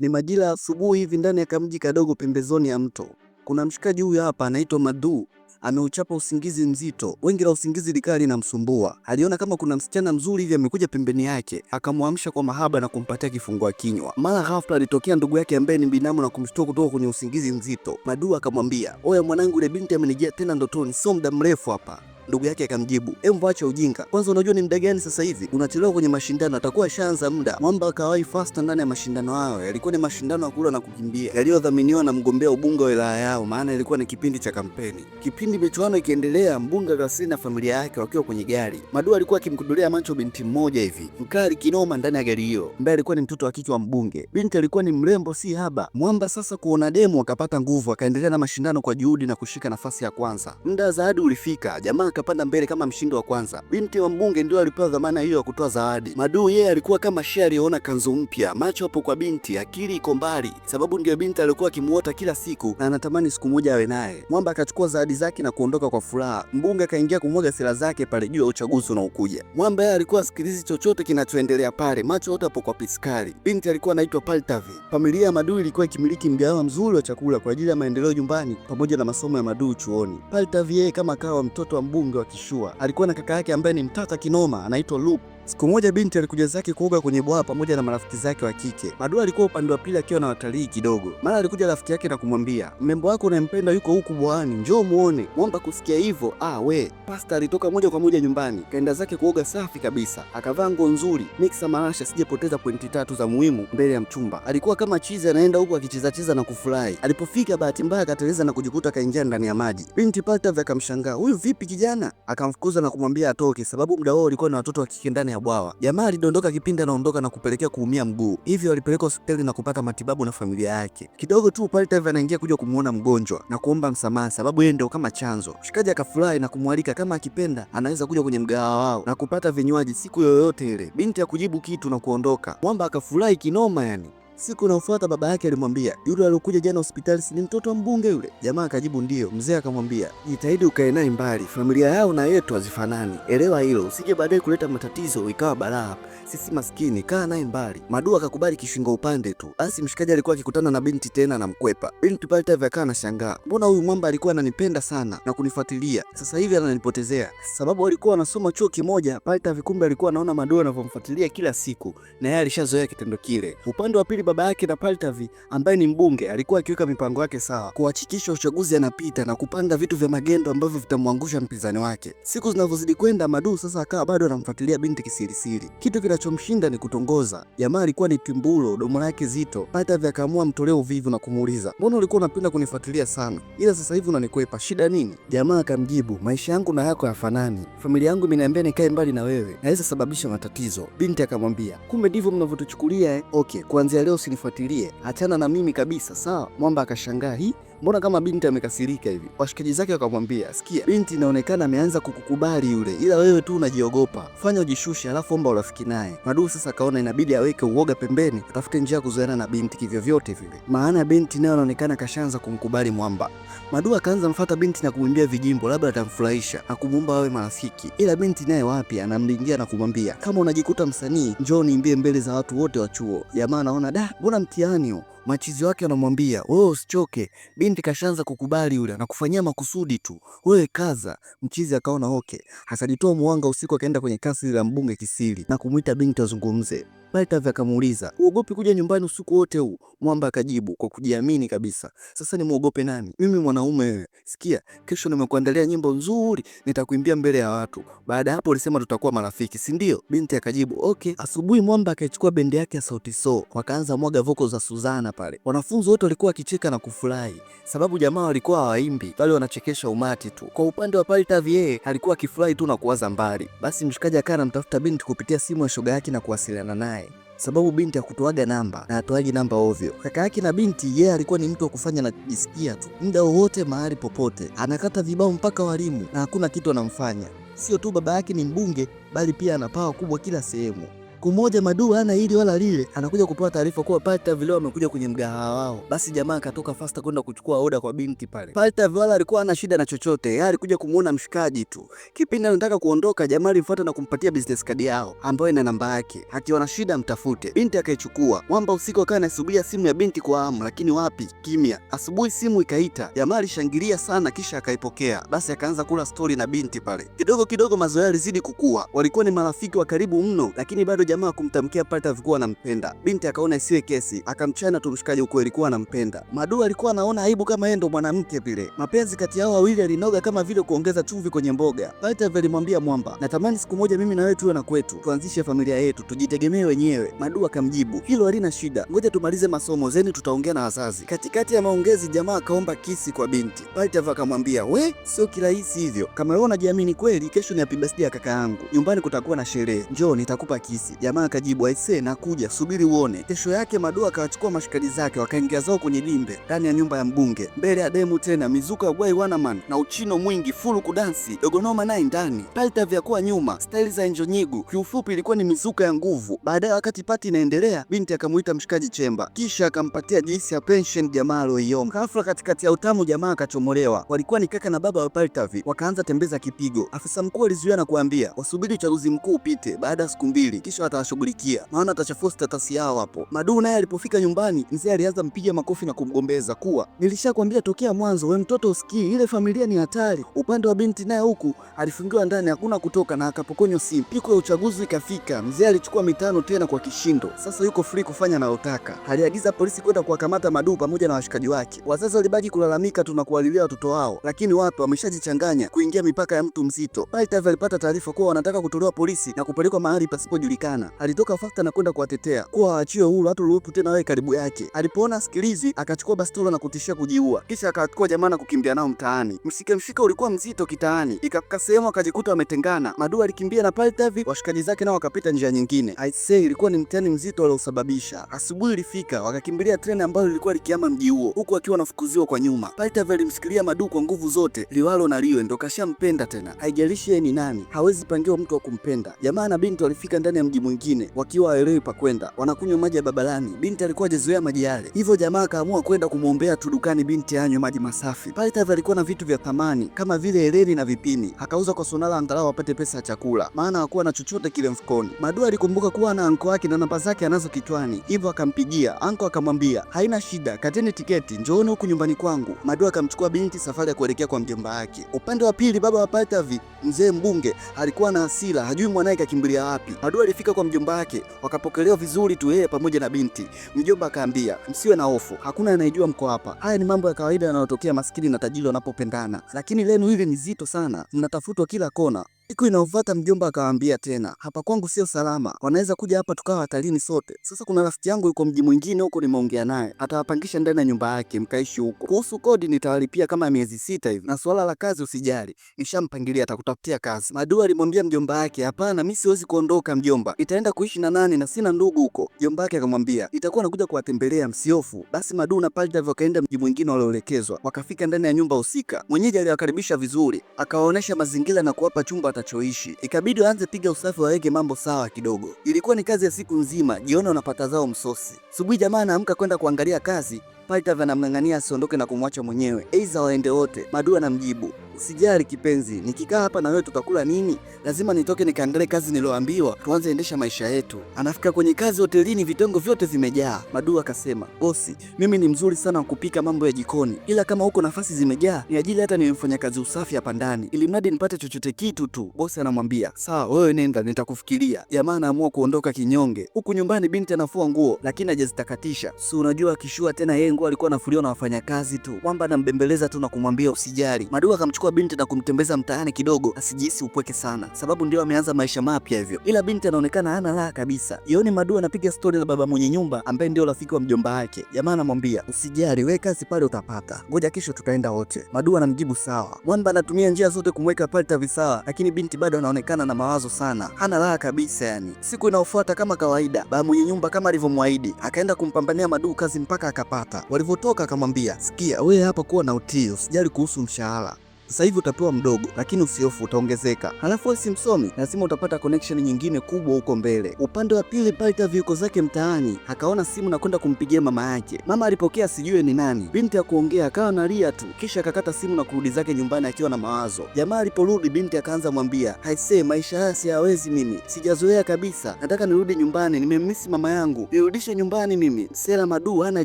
Ni majira ya asubuhi hivi ndani ya kamji kadogo pembezoni ya mto. Kuna mshikaji huyu hapa anaitwa Madu, ameuchapa usingizi mzito, wengi la usingizi likali linamsumbua. Aliona kama kuna msichana mzuri hivi amekuja pembeni yake, akamwamsha kwa mahaba na kumpatia kifungua kinywa. Mara ghafla alitokea ndugu yake ambaye ni binamu na kumshtua kutoka kwenye usingizi mzito. Madu akamwambia, oya mwanangu, ile binti amenijia tena ndotoni, sio muda mrefu hapa Ndugu yake akamjibu, hebu acha ujinga kwanza, unajua ni muda gani sasa hivi? Unachelewa kwenye mashindano, atakuwa ashaanza muda. Mwamba akawai fasta ndani ya mashindano hayo. Yalikuwa ni mashindano ya kula na kukimbia yaliyodhaminiwa na mgombea ubunge wa wilaya yao, maana ilikuwa ni kipindi cha kampeni. Kipindi michuano ikiendelea, mbunge aliwasili na familia yake wakiwa kwenye gari. Madu alikuwa akimkudulia macho binti mmoja hivi mkali kinoma ndani ya gari hiyo, ambaye alikuwa ni mtoto wa kike wa mbunge. Binti alikuwa ni mrembo, si haba. Mwamba sasa kuona demu akapata nguvu, akaendelea na mashindano kwa juhudi na kushika nafasi ya kwanza. Muda zaadi ulifika, jamaa akapanda mbele kama mshindi wa kwanza. Binti wa mbunge ndio alipewa dhamana hiyo ya kutoa zawadi. Madu yeye alikuwa kama shia aliyeona kanzu mpya, macho hapo kwa binti, akili iko mbali, sababu ndio binti alikuwa akimuota kila siku na anatamani siku moja awe naye. Mwamba akachukua zawadi zake na kuondoka kwa furaha. Mbunge akaingia kumwaga sera zake pale juu ya uchaguzi unaokuja. Mwamba yeye alikuwa asikilizi chochote kinachoendelea pale, macho yote hapo kwa Piskari. Binti alikuwa anaitwa Paltavi. Familia ya Madu ilikuwa ikimiliki mgawa mzuri wa chakula kwa ajili ya maendeleo nyumbani pamoja na masomo ya Madu chuoni. Paltavi yeye kama kawa mtoto wa mbunge mbunge wa Kishua. Alikuwa na kaka yake ambaye ni mtata kinoma, anaitwa Luke. Siku moja binti alikuja zake kuoga kwenye bwawa pamoja na marafiki zake wa kike. Madua alikuwa upande wa pili akiwa na watalii kidogo. Mara alikuja rafiki yake na kumwambia, "Mrembo wako unayempenda yuko huku bwawani, njoo muone." Mwamba kusikia hivyo, ah we, Pasta alitoka moja kwa moja nyumbani, kaenda zake kuoga safi kabisa. Akavaa nguo nzuri, mixa Marasha sijepoteza pointi tatu za muhimu mbele ya mchumba. Alikuwa kama chizi anaenda huku akicheza cheza na kufurahi. Alipofika bahati mbaya akateleza na kujikuta kaingia ndani ya maji. Binti Pasta akamshangaa, "Huyu vipi kijana?" Akamfukuza na kumwambia atoke sababu muda wao na watoto wa kike ndani ya bwawa. Jamaa alidondoka kipindi anaondoka na kupelekea kuumia mguu, hivyo alipelekwa hospitali na kupata matibabu na familia yake. Kidogo tu pale Tavi anaingia kuja kumuona mgonjwa na kuomba msamaha, sababu yeye ndio kama chanzo. Mshikaji akafurahi na kumwalika kama akipenda anaweza kuja kwenye mgahawa wao na kupata vinywaji siku yoyote ile. Binti ya kujibu kitu na kuondoka. Mwamba akafurahi kinoma yani. Siku inayofuata baba yake alimwambia, yule aliyokuja jana hospitali ni mtoto wa mbunge yule? Jamaa akajibu ndio. Mzee akamwambia, jitahidi ukae naye mbali, familia yao na yetu hazifanani, elewa hilo, usije baadaye kuleta matatizo ikawa balaa. Sisi maskini, kaa naye mbali. Madu akakubali kishingo upande tu. Asi mshikaji alikuwa akikutana na binti tena na mkwepa. Binti pale tayari akawa anashangaa, mbona huyu mwamba alikuwa ananipenda sana na kunifuatilia, sasa hivi ananipotezea? Sababu alikuwa anasoma chuo kimoja. Pale tayari, kumbe alikuwa anaona Madu anavyomfuatilia kila siku, na yeye alishazoea kitendo kile. Upande wa pili baba yake na Paltavi ambaye ni mbunge alikuwa akiweka mipango yake sawa kuhakikisha uchaguzi anapita na kupanga vitu vya magendo ambavyo vitamwangusha mpinzani wake. Siku zinavyozidi kwenda, Madu sasa akawa bado anamfuatilia binti kisirisiri. Kitu kinachomshinda ni kutongoza. Jamaa alikuwa ni timbulo, domo lake zito. Paltavi akaamua amtolea uvivu na kumuuliza, mbona ulikuwa unapenda kunifuatilia sana, ila sasa hivi unanikwepa, shida nini? Jamaa akamjibu, maisha yangu na yako hayafanani. Familia yangu imeniambia nikae mbali na wewe, naweza sababisha matatizo. Binti akamwambia, kumbe ndivyo mnavyotuchukulia eh? Okay, kuanzia leo usinifuatilie, achana na mimi kabisa, sawa? Mwamba akashangaa hii mbona kama binti amekasirika hivi? Washikaji zake wakamwambia, sikia, binti inaonekana ameanza kukukubali yule, ila wewe tu unajiogopa, fanya ujishushe, alafu omba urafiki naye. Madu sasa akaona inabidi aweke uoga pembeni, atafute njia ya kuzoeana na binti kivyovyote vile, maana binti nayo anaonekana kashaanza kumkubali Mwamba. Madu akaanza mfata binti na kumwimbia vijimbo, labda atamfurahisha na kumuomba wawe marafiki, ila binti naye wapi, anamlingia na kumwambia, kama unajikuta msanii, njoo niimbie mbele za watu wote wa chuo. Jamaa anaona da, mbona mtihani machizi wake anamwambia wewe, usichoke, binti kashaanza kukubali yule, anakufanyia makusudi tu, wewe kaza. Mchizi akaona oke, akajitoa mwanga usiku, akaenda kwenye kasri la mbunge Kisiri na kumwita binti wazungumze. Baltavi akamuuliza uogopi kuja nyumbani usiku wote huu? Mwamba akajibu kwa kujiamini kabisa, sasa nimwogope nani? Mimi mwanaume wewe. Sikia, kesho nimekuandalia nyimbo nzuri, nitakuimbia mbele ya watu. Baada ya hapo ulisema tutakuwa marafiki, si ndio? Binti akajibu okay. Asubuhi Mwamba akaichukua bendi yake ya Sauti Sol, wakaanza mwaga voko za Suzana pale, wanafunzi wote walikuwa wakicheka na kufurahi, sababu jamaa walikuwa hawaimbi bali wanachekesha umati tu. Kwa upande wa tavi yeye alikuwa akifurahi tu na kuwaza mbali. Basi mshikaji akaa anamtafuta binti kupitia simu ya shoga yake na kuwasiliana naye sababu binti hakutoaga namba na atoaji namba ovyo. Kaka yake na binti yeye, yeah, alikuwa ni mtu wa kufanya na kujisikia tu, muda wowote, mahali popote, anakata vibao mpaka walimu na hakuna kitu anamfanya. Sio tu baba yake ni mbunge, bali pia ana pawa kubwa kila sehemu. Siku moja Madu hana hili wala lile, anakuja kupewa taarifa kuwa Pata Vileo amekuja kwenye mgahawa wao. Basi jamaa akatoka fasta kwenda kuchukua oda kwa binti pale. Pata Vileo alikuwa ana shida na chochote, yeye alikuja kumuona mshikaji tu. Kipindi anataka kuondoka, jamaa alifuata na kumpatia business card yao ambayo ina namba yake, akiona shida mtafute. Binti akaichukua. Mwamba usiku akawa anasubiria simu ya binti kwa hamu, lakini wapi, kimya. Asubuhi simu ikaita, jamaa alishangilia sana, kisha akaipokea. Basi akaanza kula stori na binti pale. Kidogo kidogo mazoea yalizidi kukua, walikuwa ni marafiki wa karibu mno, lakini bado jamaa kumtamkia Pate alivyokuwa anampenda. Binti akaona isiwe kesi, akamchana tu mshikaji ukweli kuwa anampenda. Madu alikuwa anaona aibu kama yeye ndo mwanamke vile. Mapenzi kati yao wawili alinoga kama vile kuongeza chumvi kwenye mboga. Pate alimwambia Mwamba, natamani siku moja mimi na wewe tuwe na kwetu, tuanzishe familia yetu, tujitegemee wenyewe. Madu akamjibu, hilo halina shida, ngoja tumalize masomo zeni, tutaongea na wazazi. Katikati ya maongezi, jamaa akaomba kisi kwa binti. Pate akamwambia, we sio kirahisi hivyo, kama wewe unajiamini kweli, kesho ni happy birthday ya kaka yangu, nyumbani kutakuwa na sherehe, njoo nitakupa kisi. Jamaa akajibu aisee, nakuja, subiri uone. Kesho yake Madoa akawachukua mashikaji zake wakaingia zao kwenye dimbe ndani ya nyumba ya mbunge, mbele ya demu tena mizuka wai wanaman na uchino mwingi fulu kudansi egonoma naye ndani palta vyakuwa nyuma staili za enjonyigu Kiufupi ilikuwa ni mizuka ya nguvu. Baadaye wakati pati inaendelea, binti akamuita mshikaji Chemba, kisha akampatia juisi ya pension jamaa aloiomba. Ghafla katikati ya utamu jamaa akachomolewa. Walikuwa ni kaka na baba wa Paltavi, wakaanza tembeza kipigo. Afisa mkuu alizuia na kuambia wasubiri uchaguzi mkuu upite baada ya siku mbili kisha Macho atawashughulikia, maana atachafua status yao hapo. Madu naye alipofika nyumbani, mzee alianza mpiga makofi na kumgombeza kuwa nilishakwambia tokea mwanzo, we mtoto usikii, ile familia ni hatari. Upande wa binti naye huku alifungiwa ndani, hakuna kutoka na akapokonywa simu. Siku ya uchaguzi ikafika, mzee alichukua mitano tena kwa kishindo. Sasa yuko free kufanya anayotaka. Aliagiza polisi kwenda kuwakamata Madu pamoja na washikaji wake. Wazazi walibaki kulalamika tu na kuwalilia watoto wao, lakini watu wameshajichanganya kuingia mipaka ya mtu mzito. Paitav alipata taarifa kuwa wanataka kutolewa polisi na kupelekwa mahali pasipojulikana sana. Alitoka fakta na kwenda kuwatetea kuwa waachiwe huru, haturuhusu tena wewe karibu yake. Alipoona sikilizi, akachukua bastola na kutishia kujiua, kisha akachukua jamaa na kukimbia nao mtaani. Mshike mshike ulikuwa mzito kitaani, ikafika sehemu akajikuta wametengana. Madu alikimbia na pale Tavi, washikaji zake nao wakapita njia nyingine. I say ilikuwa ni mtihani mzito aliosababisha. Asubuhi ilifika, wakakimbilia treni ambayo ilikuwa likiama mji huo, huku akiwa anafukuziwa kwa nyuma. Pale Tavi alimshikilia Madu kwa nguvu zote, liwalo na liwe, ndo kashampenda tena, haijalishi yeye ni nani, hawezi pangiwa mtu wa kumpenda. Jamaa na binti walifika ndani ya mji mwingine wakiwa waelewi pa kwenda, wanakunywa maji ya babalani. Binti alikuwa hajazoea maji yale, hivyo jamaa akaamua kwenda kumwombea tu dukani binti anywe maji masafi. Pale Tavi alikuwa na vitu vya thamani kama vile hereni na vipini, akauza kwa Sonala angalau apate pesa ya chakula, maana hakuwa na chochote kile mfukoni. Madu alikumbuka kuwa na anko wake na namba zake anazo kichwani, hivyo akampigia anko, akamwambia haina shida, kateni tiketi, njooni huku nyumbani kwangu. Madu akamchukua binti safari ya kuelekea kwa mjomba wake. Upande wa pili, baba wa Patavi, mzee mbunge, alikuwa na hasira, hajui mwanaye kakimbilia wapi. Madu alifika kwa mjomba wake wakapokelewa vizuri tu, yeye pamoja na binti. Mjomba akaambia msiwe na hofu, hakuna anayejua mko hapa. Haya ni mambo ya kawaida yanayotokea maskini na tajiri wanapopendana, lakini lenu hili ni zito sana, mnatafutwa kila kona. Siku inayofuata mjomba akawaambia tena, hapa kwangu sio salama, wanaweza kuja hapa tukawa hatarini sote. Sasa kuna rafiki yangu yuko mji mwingine huko, nimeongea naye, atawapangisha ndani ya nyumba yake mkaishi huko. Kuhusu kodi nitawalipia kama miezi sita hivi, na swala la kazi usijali, nishampangilia atakutafutia kazi. Madu alimwambia mjomba yake, hapana, mimi siwezi kuondoka mjomba, itaenda kuishi na nani na sina ndugu huko. Mjomba yake akamwambia, itakuwa nakuja kuwatembelea msiofu. Basi Madu na Palda wakaenda mji mwingine walioelekezwa, wakafika ndani ya nyumba husika. Mwenyeji aliwakaribisha vizuri, akawaonesha mazingira na kuwapa chumba atachoishi. Ikabidi aanze piga usafi, waweke mambo sawa kidogo. Ilikuwa ni kazi ya siku nzima, jioni unapata zao msosi. subuhi jamaa anaamka kwenda kuangalia kazi, Paitava namngang'ania asiondoke na kumwacha mwenyewe, aidha waende wote. Madu anamjibu Usijali kipenzi, nikikaa hapa na wewe tutakula nini? Lazima nitoke nikaangalie kazi niloambiwa, tuanze endesha maisha yetu. Anafika kwenye kazi hotelini, vitengo vyote vimejaa. Madu akasema, bosi, mimi ni mzuri sana kupika mambo ya jikoni, ila kama huko nafasi zimejaa, ni ajili hata niwe kazi usafi hapa ndani, ili mradi nipate chochote kitu tu. Bosi anamwambia sawa, wewe nenda, nitakufikiria. Jamaa anaamua kuondoka kinyonge. Huku nyumbani binti anafua nguo, lakini hajazitakatisha. Si unajua akishua tena, yeye nguo alikuwa anafuliwa na wafanyakazi tu. Mwamba anambembeleza tu na kumwambia usijali. Madu akamchukua kumchukua binti na kumtembeza mtaani kidogo asijihisi upweke sana, sababu ndio ameanza maisha mapya hivyo. Ila binti anaonekana hana raha kabisa. Yoni Madu anapiga stori na baba mwenye nyumba ambaye ndio rafiki wa mjomba wake. Jamaa anamwambia usijali, we kazi pale utapata, ngoja kesho tutaenda wote. Madu anamjibu sawa. Mwamba anatumia njia zote kumweka pale tavisawa lakini binti bado anaonekana na mawazo sana, hana raha kabisa yani. Siku inayofuata kama kawaida, baba mwenye nyumba kama alivyomwahidi akaenda kumpambania Madu kazi mpaka akapata. Walivyotoka akamwambia, sikia wewe hapa kuwa na utii, usijali kuhusu mshahara sasa hivi utapewa mdogo, lakini usiofu utaongezeka. Halafu wewe si msomi, lazima utapata connection nyingine kubwa huko mbele. Upande wa pili, Palita viuko zake mtaani, akaona simu na kwenda kumpigia mama yake. Mama alipokea sijue ni nani, binti ya kuongea akawa analia tu, kisha akakata simu na kurudi zake nyumbani akiwa na mawazo. Jamaa aliporudi, binti akaanza mwambia, haise maisha haya siyawezi mimi, sijazoea kabisa, nataka nirudi nyumbani, nimemisi mama yangu, nirudishe nyumbani mimi. Sera Madu hana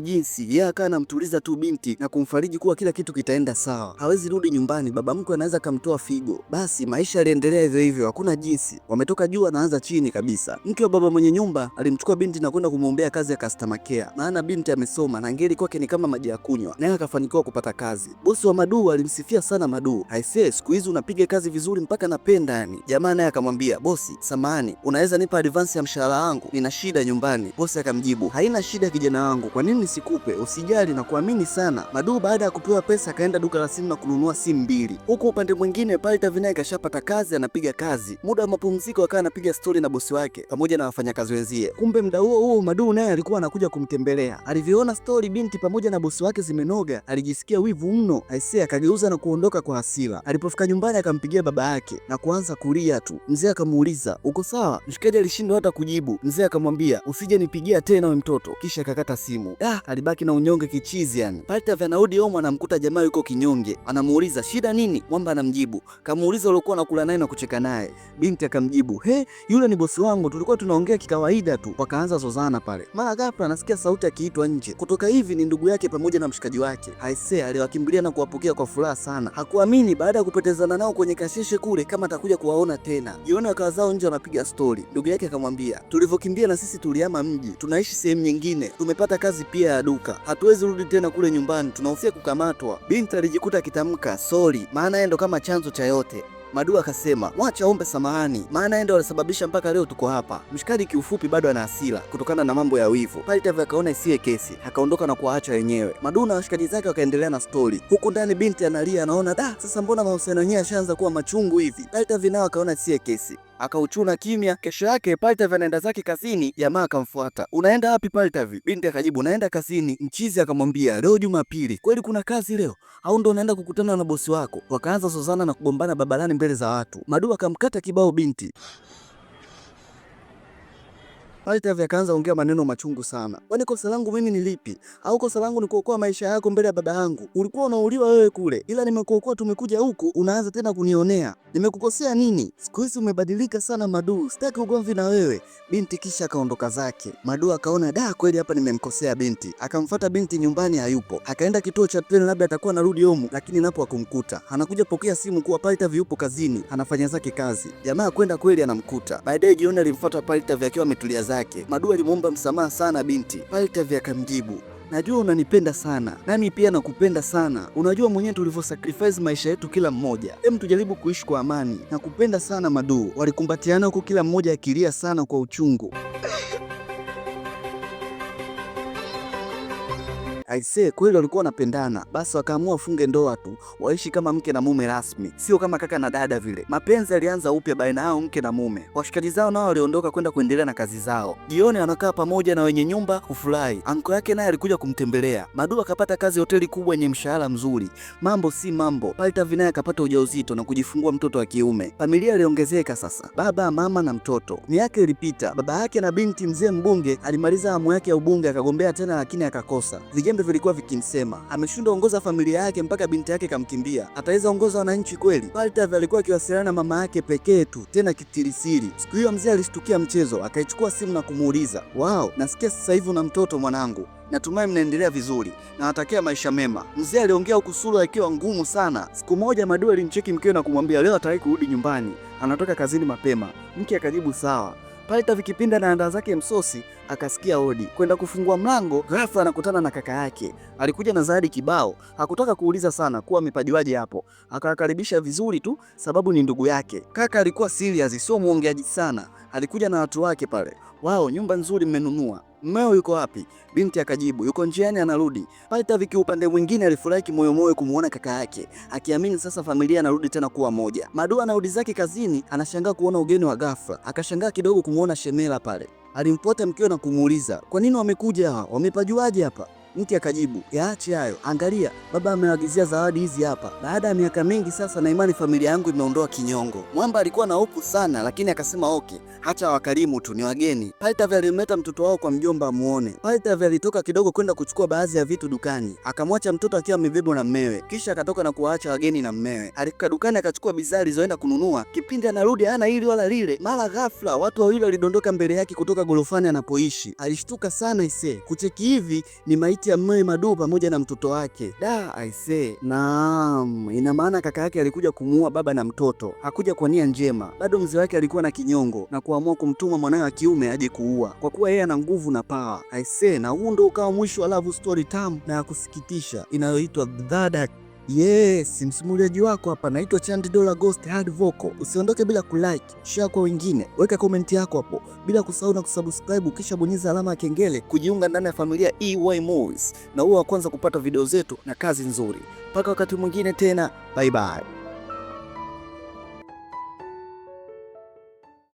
jinsi, yeye akawa anamtuliza tu binti na kumfariji kuwa kila kitu kitaenda sawa, hawezi rudi nyumbani fulani baba mkwe anaweza kamtoa figo. Basi maisha yaliendelea hivyo hivyo, hakuna jinsi, wametoka juu anaanza chini kabisa. Mke wa baba mwenye nyumba alimchukua binti na kwenda kumwombea kazi ya customer care, maana binti amesoma na ngeli kwake ni kama maji ya kunywa, naye akafanikiwa kupata kazi. Bosi wa Madu alimsifia sana Madu, haisee siku hizi unapiga kazi vizuri mpaka napenda yani. Jamaa naye akamwambia bosi, samahani, unaweza nipa advance ya mshahara wangu, nina shida nyumbani. Bosi akamjibu, haina shida kijana wangu, kwa nini nisikupe? Usijali na kuamini sana. Madu baada ya kupewa pesa akaenda duka la simu na kununua simu mbili akili. Huku upande mwingine pale Tavinaye kashapata kazi, anapiga kazi, muda wa mapumziko akawa anapiga stori na bosi wake pamoja na wafanyakazi wenzie. Kumbe mda huo huo Maduu naye alikuwa anakuja kumtembelea. Alivyoona stori binti pamoja na bosi wake zimenoga, alijisikia wivu mno aisee, akageuza na kuondoka kwa hasira. Alipofika nyumbani, akampigia baba yake na kuanza kulia tu. Mzee akamuuliza uko sawa? Mshikaji alishindwa hata kujibu. Mzee akamwambia usije nipigia tena we mtoto, kisha akakata simu. Ah, alibaki na unyonge kichizi yani. Pale Tav anarudi home, anamkuta jamaa yuko kinyonge, anamuuliza shida shida nini? Mwamba anamjibu, kamuuliza uliokuwa unakula naye na kucheka naye. Binti akamjibu, he, yule ni bosi wangu, tulikuwa tunaongea kikawaida tu. Wakaanza zozana pale. Mara ghafla anasikia sauti akiitwa nje kutoka hivi, ni ndugu yake pamoja na mshikaji wake. Haise aliwakimbilia na kuwapokea kwa furaha sana, hakuamini baada ya kupotezana nao kwenye kasheshe kule kama atakuja kuwaona tena. Jioni wakawa zao nje wanapiga stori, ndugu yake akamwambia, tulivyokimbia na sisi tuliama mji, tunaishi sehemu nyingine, tumepata kazi pia ya duka, hatuwezi rudi tena kule nyumbani, tunahofia kukamatwa. Binti alijikuta akitamka sori dhambi, maana yeye ndo kama chanzo cha yote. Madu akasema wacha ombe samahani, maana yeye ndo alisababisha mpaka leo tuko hapa. Mshikaji kiufupi bado ana hasira kutokana na mambo ya wivu. Palitavi akaona isiye kesi, akaondoka na kuwaacha wenyewe. Madu na washikaji zake wakaendelea na stori, huku ndani binti analia, anaona da, sasa mbona mahusiano yenyewe yashaanza kuwa machungu hivi. Palitavi nao akaona isiye kesi akauchuna kimya. Kesho yake Paltavi anaenda zake kazini, jamaa akamfuata, unaenda wapi Paltavi? Binti akajibu naenda kazini. Mchizi akamwambia leo Jumapili, kweli kuna kazi leo au ndo unaenda kukutana na bosi wako? Wakaanza sozana na kugombana babalani mbele za watu. Madu akamkata kibao binti Altaf akaanza ongea maneno machungu sana. Kwani kosa langu mimi ni lipi? Au kosa langu ni kuokoa maisha yako mbele ya baba yangu? Ulikuwa unauliwa wewe kule, ila nimekuokoa, tumekuja huku unaanza tena kunionea. Nimekukosea nini? Siku hizi umebadilika sana Madu, sitaki ugomvi na wewe. Binti kisha akaondoka zake. Madu akaona da, kweli hapa nimemkosea binti. Akamfuata binti nyumbani, hayupo. Akaenda kituo cha treni, labda atakuwa anarudi homu, lakini napo akumkuta. Anakuja pokea simu kuwa Altaf yupo kazini, anafanya zake kazi. Jamaa kwenda kweli anamkuta. Baadaye jioni alimfuata Altaf akiwa ametulia zake yake. Madu alimuomba msamaha sana binti. Paltavi akamjibu, najua unanipenda sana nami pia nakupenda sana. Unajua mwenyewe tulivyo sacrifice maisha yetu kila mmoja. Hem, tujaribu kuishi kwa amani. Nakupenda sana Madu. Walikumbatiana huku kila mmoja akilia sana kwa uchungu aisee, kweli walikuwa wanapendana, basi wakaamua wafunge ndoa tu, waishi kama mke na mume rasmi, sio kama kaka na dada vile. Mapenzi yalianza upya baina yao mke na mume. Washikaji zao nao waliondoka kwenda kuendelea na kazi zao. Jioni wanakaa pamoja na wenye nyumba kufurahi. Anko yake naye alikuja kumtembelea. Madu akapata kazi hoteli kubwa yenye mshahara mzuri, mambo si mambo. Paltavi naye akapata ujauzito na kujifungua mtoto wa kiume. Familia iliongezeka sasa, baba mama na mtoto. Miaka ilipita, baba yake na binti mzee mbunge alimaliza amu yake ya ubunge, akagombea tena lakini akakosa. Vijembe ndo vilikuwa vikimsema. Ameshindwa ongoza familia yake mpaka binti yake kamkimbia, ataweza ongoza wananchi kweli? Faltav alikuwa akiwasiliana na mama yake pekee tu, tena kitirisiri. Siku hiyo mzee alishtukia mchezo, akaichukua simu na kumuuliza, wao, nasikia sasa hivi una mtoto mwanangu Natumai mnaendelea vizuri na natakia maisha mema. Mzee aliongea huku sura ikiwa ngumu sana. Siku moja Madu alimcheki mkewe na kumwambia leo atawahi kurudi nyumbani, anatoka kazini mapema. Mke akajibu sawa. Pale Tavikipinda na andaa zake msosi, akasikia hodi. Kwenda kufungua mlango, ghafla anakutana na kaka yake. Alikuja na zawadi kibao, hakutaka kuuliza sana kuwa amepajiwaje hapo, akawakaribisha vizuri tu, sababu ni ndugu yake. Kaka alikuwa serious, sio muongeaji sana, alikuja na watu wake pale wao, nyumba nzuri mmenunua, mmeo yuko wapi? Binti akajibu yuko njiani anarudi. Pale Taviki upande mwingine alifurahi kimoyomoyo kumuona kaka yake, akiamini sasa familia anarudi tena kuwa moja. Madua anarudi zake kazini, anashangaa kuona ugeni wa ghafla, akashangaa kidogo kumuona Shemela pale. Alimpota mkiwa na kumuuliza kwa nini wamekuja hawa, wamepajuaje hapa? mti akajibu, yaache hayo, angalia baba amewagizia zawadi hizi hapa. Baada ya miaka mingi sasa, na imani familia yangu imeondoa kinyongo. Mwamba alikuwa na hofu sana, lakini akasema okay, hacha wakarimu tu, ni wageni. Paltavi alimleta mtoto wao kwa mjomba amuone. Paltavi alitoka kidogo kwenda kuchukua baadhi ya vitu dukani, akamwacha mtoto akiwa amebebwa na mmewe, kisha akatoka na kuwaacha wageni na mmewe. Alifika dukani akachukua bidhaa alizoenda kununua. Kipindi anarudi hana hili wala lile, mara ghafla watu wawili walidondoka mbele yake kutoka gorofani anapoishi. Alishtuka sana ise, kucheki hivi ni maiti picha ya Mai Madu pamoja na mtoto wake. Da aisee, naam, ina maana kaka yake alikuja kumuua baba na mtoto, hakuja kwa nia njema. Bado mzee wake alikuwa na kinyongo na kuamua kumtuma mwanawe wa kiume aje kuua, kwa kuwa yeye ana nguvu na pawa. Aisee, na huu ndo ukawa mwisho wa love story tamu na ya kusikitisha inayoitwa The Dark Yes, msimuliaji wako hapa naitwa Chandidola Ghost Hard Vocal. Usiondoke bila kulike, share kwa wengine, weka komenti yako hapo, bila kusahau na kusubscribe, kisha bonyeza alama ya kengele kujiunga ndani ya familia EY Movies, na uwe wa kwanza kupata video zetu na kazi nzuri. Mpaka wakati mwingine tena, bye bye.